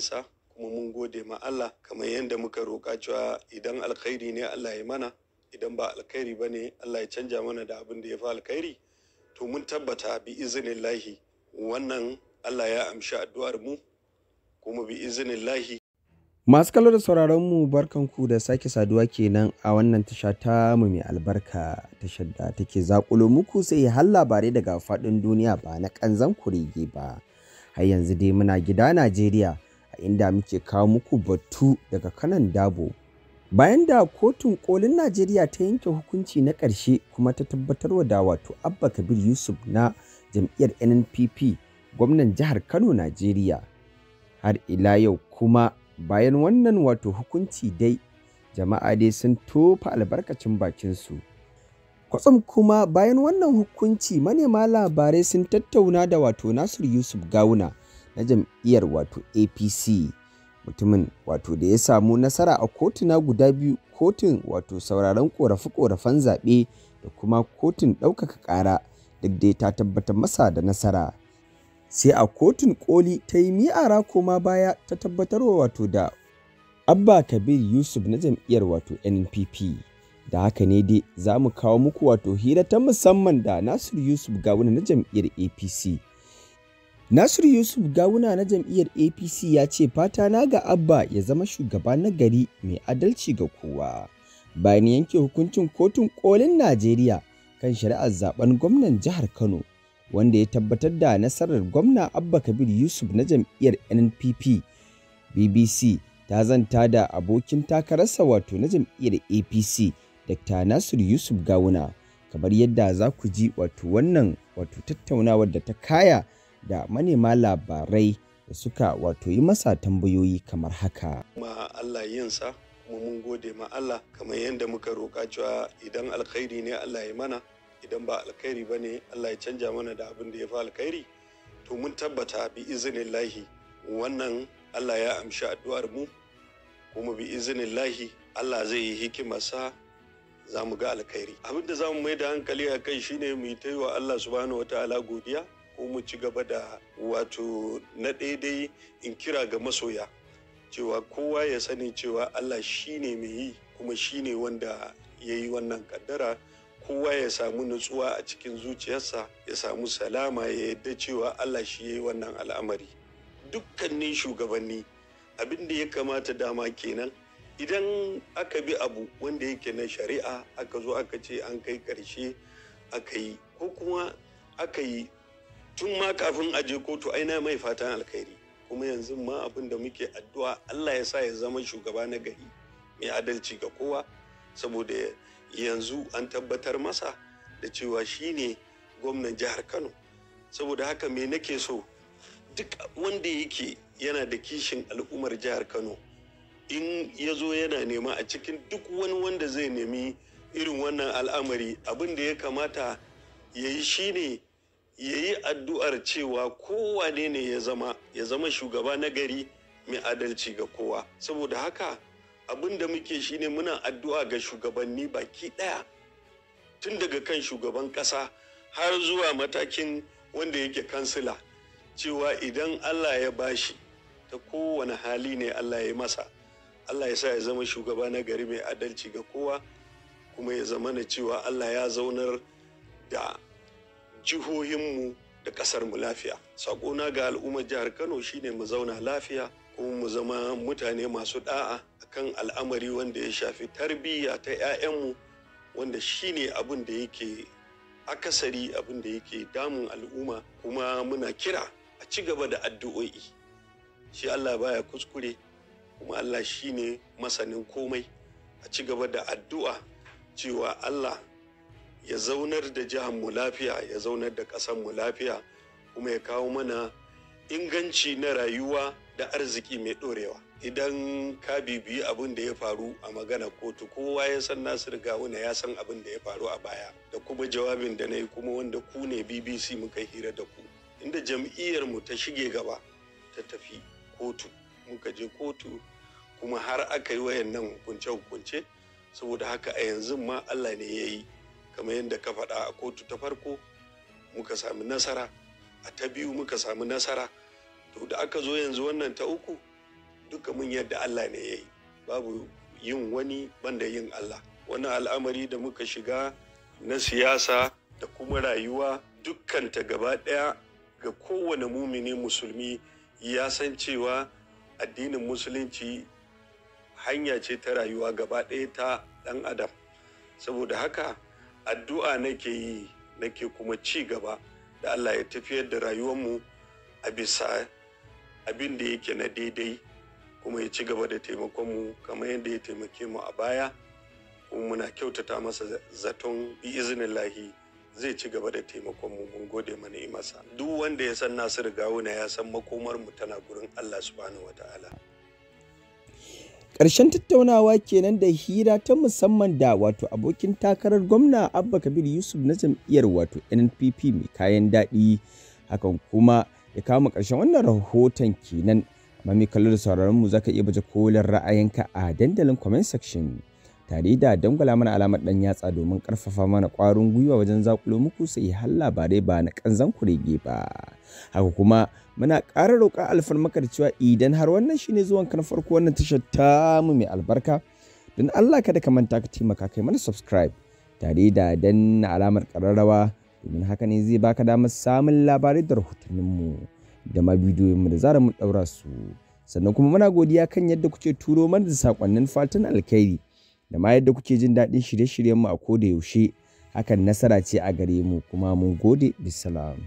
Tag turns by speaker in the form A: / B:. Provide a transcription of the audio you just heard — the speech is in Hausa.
A: sa kuma mun gode ma Allah kamar yadda muka roƙa cewa idan alkhairi ne Allah ya mana idan ba alkhairi ba ne Allah ya canja mana da abin da ya fi alkhairi to mun tabbata bi izinin lahi wannan Allah ya amshi addu'ar mu kuma bi izinin lahi
B: masu kallo da sauraron mu barkanku da sake saduwa kenan a wannan tasha ta mu mai albarka tashar da take zakulo muku sai har labarai daga faɗin duniya ba na kanzan kurege ba har yanzu dai muna gida Najeriya inda muke kawo muku batu daga kanan dabo bayan da kotun kolin najeriya ta yanke hukunci na ƙarshe kuma ta tabbatarwa da wato abba kabir yusuf na jam'iyyar nnpp gwamnan jihar kano najeriya har ila yau kuma bayan wannan wato hukunci dai jama'a dai sun tofa albarkacin bakinsu kwatsam kuma bayan wannan hukunci manema labarai sun tattauna da wato nasir yusuf gawuna na jam'iyyar wato apc mutumin wato da ya samu nasara a kotuna guda biyu kotun wato sauraron korafe-korafen zaɓe da kuma kotun ɗaukaka ƙara duk dai ta tabbatar masa da nasara sai a kotun koli ta yi mi'ara koma baya ta tabbatarwa wato da abba kabir yusuf na jam'iyyar wato npp da haka ne dai za mu kawo muku wato hira ta musamman da nasir yusuf gawuna na jam'iyyar apc Nasir Yusuf Gawuna na jam'iyyar APC ya ce fata na ga Abba ya zama shugaba na gari mai adalci ga kowa. Bayan yanke hukuncin kotun kolin Najeriya kan shari'ar zaben gwamnan jihar Kano wanda ya tabbatar da nasarar gwamna Abba Kabir Yusuf na jam'iyyar NPP. BBC ta zanta da abokin takararsa wato na jam'iyyar APC Dr. Nasir Yusuf Gawuna kamar yadda za ku ji wato wannan wato tattaunawar da ta kaya da manema labarai da suka wato yi masa tambayoyi kamar haka.
A: Ma Allah yinsa kuma mun gode ma Allah kamar yadda muka roƙa cewa idan alkhairi ne Allah ya mana idan ba alkhairi ba ne Allah ya canja mana da abin da ya fi alkhairi to mun tabbata bi izinin lahi wannan Allah ya amshi addu'ar mu kuma bi izinin lahi Allah zai yi hikimarsa za mu ga alkhairi abin da za mu mai da hankali a kai shine mu yi ta yi wa Allah subhanahu wataala godiya ko mu ci gaba da wato na daidai in kira ga masoya cewa kowa ya sani cewa Allah shi ne mai yi kuma shi ne wanda ya yi wannan kaddara kowa ya samu nutsuwa a cikin zuciyarsa ya samu salama ya yadda cewa Allah shi ya yi wannan al'amari dukkanin shugabanni abin da ya kamata dama kenan idan aka bi abu wanda yake na shari'a aka zo aka ce an kai ƙarshe aka yi ko kuma aka yi tun ma kafin a je kotu aina mai fatan alkhairi kuma yanzu ma abin da muke addu'a Allah ya sa ya zama shugaba na gari mai adalci ga kowa saboda yanzu an tabbatar masa da cewa shine gwamnan jihar Kano saboda haka me nake so duk wanda yake yana da kishin al'ummar jihar Kano in ya zo yana nema a cikin duk wani wanda zai nemi irin wannan al'amari abin da ya kamata ya yi shine ya yi addu'ar cewa kowane ne ya zama ya zama shugaba na gari mai adalci ga kowa saboda haka abin da muke shine muna addu'a ga shugabanni baki ɗaya tun daga kan shugaban ƙasa har zuwa matakin wanda yake kansila cewa idan allah ya bashi ta kowane hali ne allah ya masa allah ya sa ya zama shugaba na gari mai adalci ga kowa kuma ya zama na cewa allah ya zaunar da jihohinmu da ƙasarmu lafiya. Sakona ga al'ummar jihar Kano shine mu zauna lafiya kuma mu zama mutane masu da'a akan al'amari wanda ya shafi tarbiyya ta 'ya'yanmu wanda shine abin da yake akasari abin da yake damun al'umma kuma muna kira a ci gaba da addu'o'i shi Allah baya kuskure kuma Allah shine masanin komai a ci gaba da addu'a cewa Allah ya zaunar da jihar mu lafiya ya zaunar da ƙasar mu lafiya kuma ya kawo mana inganci na rayuwa da arziki mai ɗorewa idan ka bibiyi abin da ya faru a magana kotu kowa ya san nasir gawuna ya san abin da ya faru a baya da kuma jawabin da na yi kuma wanda ku ne bbc muka hira da ku inda jam'iyyar mu ta shige gaba ta tafi kotu muka je kotu kuma har aka yi wayannan hukunce-hukunce saboda haka a yanzu ma allah ne ya yi kamar yadda ka faɗa a kotu ta farko muka sami nasara a ta biyu muka sami nasara to da aka zo yanzu wannan ta uku duka mun yadda Allah ne ya yi babu yin wani banda yin Allah wani al'amari da muka shiga na siyasa da kuma rayuwa dukkanta gaba ɗaya ga kowane mumini musulmi ya san cewa addinin musulunci hanya ce ta rayuwa gaba ɗaya ta ɗan adam saboda haka addu'a nake yi nake kuma ci gaba da Allah ya tafiyar da rayuwarmu a bisa abin da yake na daidai kuma ya ci gaba da taimakon mu kamar yadda ya taimake mu a baya kuma muna kyautata masa zaton bi iznin lahi zai ci gaba da taimakon mu mun gode mana masa duk wanda ya san nasiru gawuna ya san makomar mu tana gurin Allah subhanahu wataala
B: Ƙarshen tattaunawa kenan da hira ta musamman da wato abokin takarar gwamna Abba Kabir Yusuf na jam'iyyar wato NPP mai kayan daɗi hakan kuma ya kama karshen ƙarshen wannan rahoton kenan. Amma mai kallon da sauraron mu zaka iya baje kolin ra'ayinka a dandalin comment section. tare da dangwala mana alamar dan yatsa domin karfafa mana kwarin gwiwa wajen zakulo muku sai har labarai ba na kanzan kurege ba haka kuma muna ƙara roƙa alfarmakar cewa idan har wannan shine zuwan kan farko wannan tashar tamu mai albarka don Allah kada ka manta ka taimaka kai mana subscribe tare da danna alamar ƙararrawa domin haka ne zai baka damar samun labarai da rahotanninmu da ma bidiyoyinmu da zarar mu daura su sannan kuma muna godiya kan yadda kuke turo mana da sakonnin fatan alkhairi da ma yadda kuke jin daɗin shirye-shiryenmu a ko da yaushe hakan nasara ce a gare mu kuma mun gode bisalam.